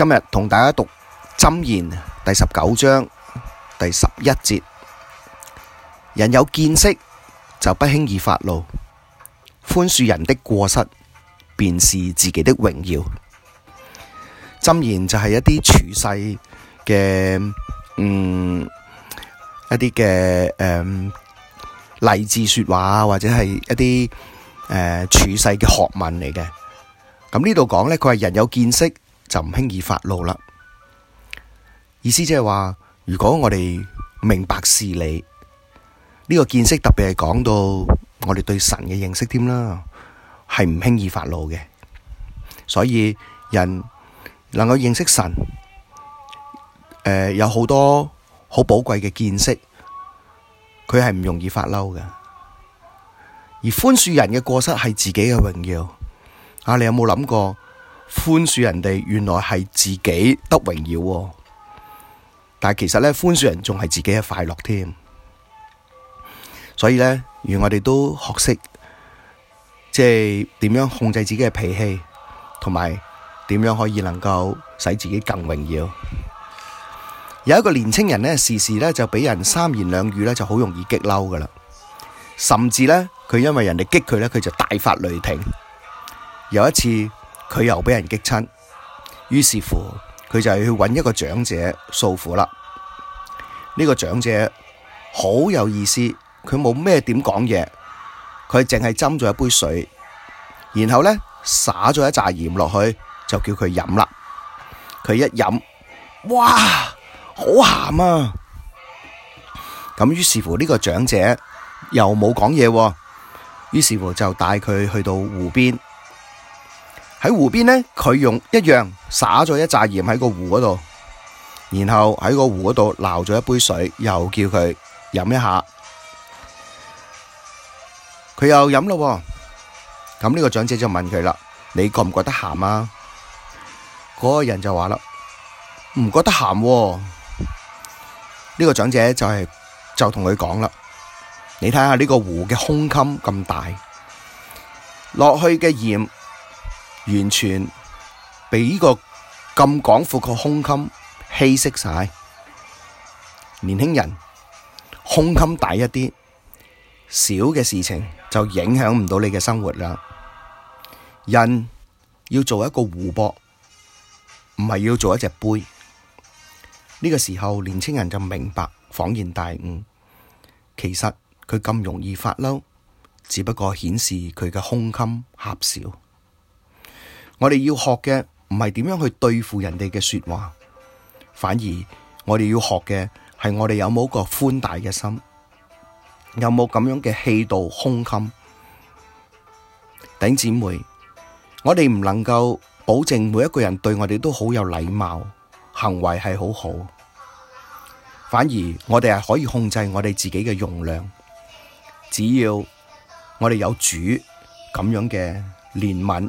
今日同大家讀《箴言》第十九章第十一節，人有見識就不輕易發怒，寬恕人的過失，便是自己的榮耀。箴言就係一啲處世嘅，嗯，一啲嘅誒勵志說話，或者係一啲誒、呃、處世嘅學問嚟嘅。咁呢度講呢，佢係人有見識。就唔輕易發怒啦。意思即係話，如果我哋明白事理，呢、這個見識特別係講到我哋對神嘅認識添啦，係唔輕易發怒嘅。所以人能夠認識神，誒、呃、有好多好寶貴嘅見識，佢係唔容易發嬲㗎。而寬恕人嘅過失係自己嘅榮耀。啊，你有冇諗過？寬恕人哋，原來係自己得榮耀。但係其實咧，寬恕人仲係自己嘅快樂添。所以咧，如我哋都學識，即係點樣控制自己嘅脾氣，同埋點樣可以能夠使自己更榮耀。有一個年輕人咧，時時咧就俾人三言兩語咧就好容易激嬲噶啦，甚至咧佢因為人哋激佢咧，佢就大發雷霆。有一次。佢又俾人激親，於是乎佢就去揾一個長者訴苦啦。呢個長者好有意思，佢冇咩點講嘢，佢淨係斟咗一杯水，然後咧灑咗一揸鹽落去，就叫佢飲啦。佢一飲，哇，好鹹啊！咁於是乎呢個長者又冇講嘢，於是乎就帶佢去到湖邊。喺湖邊呢，佢用一樣撒咗一揸鹽喺個湖嗰度，然後喺個湖嗰度撈咗一杯水，又叫佢飲一下，佢又飲咯喎。咁呢個長者就問佢啦：你覺唔覺得鹹啊？嗰個人就話啦，唔覺得鹹喎。呢個長者就係就同佢講啦：你睇下呢個湖嘅胸襟咁大，落去嘅鹽。完全俾呢個咁廣闊個胸襟稀釋晒。年輕人，胸襟大一啲，小嘅事情就影響唔到你嘅生活啦。人要做一個湖泊，唔係要做一隻杯。呢個時候，年輕人就明白恍然大悟，其實佢咁容易發嬲，只不過顯示佢嘅胸襟狹小。我哋要學嘅唔係點樣去對付人哋嘅說話，反而我哋要學嘅係我哋有冇一個寬大嘅心，有冇咁樣嘅氣度胸襟。頂姊妹，我哋唔能夠保證每一個人對我哋都好有禮貌，行為係好好。反而我哋係可以控制我哋自己嘅容量，只要我哋有主咁樣嘅憐憫。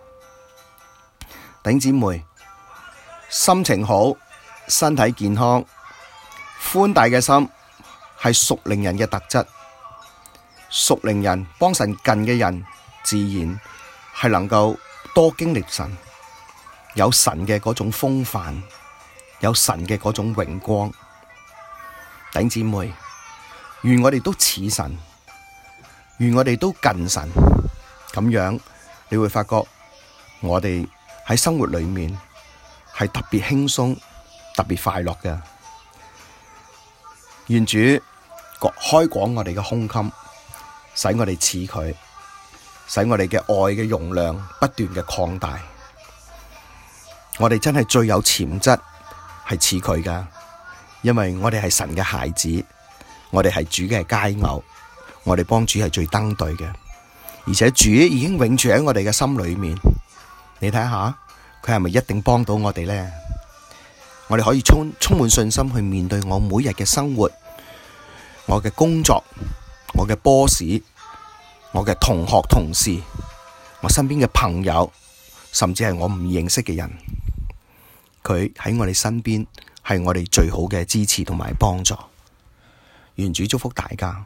頂姊妹，心情好，身體健康，寬大嘅心係屬靈人嘅特質。屬靈人幫神近嘅人，自然係能夠多經歷神，有神嘅嗰種風範，有神嘅嗰種榮光。頂姊妹，願我哋都似神，願我哋都近神，咁樣你會發覺我哋。喺生活裏面係特別輕鬆、特別快樂嘅。願主開廣我哋嘅胸襟，使我哋似佢，使我哋嘅愛嘅容量不斷嘅擴大。我哋真係最有潛質係似佢噶，因為我哋係神嘅孩子，我哋係主嘅佳偶，我哋幫主係最登對嘅，而且主已經永住喺我哋嘅心裏面。你睇下，佢係咪一定幫到我哋咧？我哋可以充充滿信心去面對我每日嘅生活，我嘅工作，我嘅 boss，我嘅同學同事，我身邊嘅朋友，甚至係我唔認識嘅人，佢喺我哋身邊係我哋最好嘅支持同埋幫助。願主祝福大家。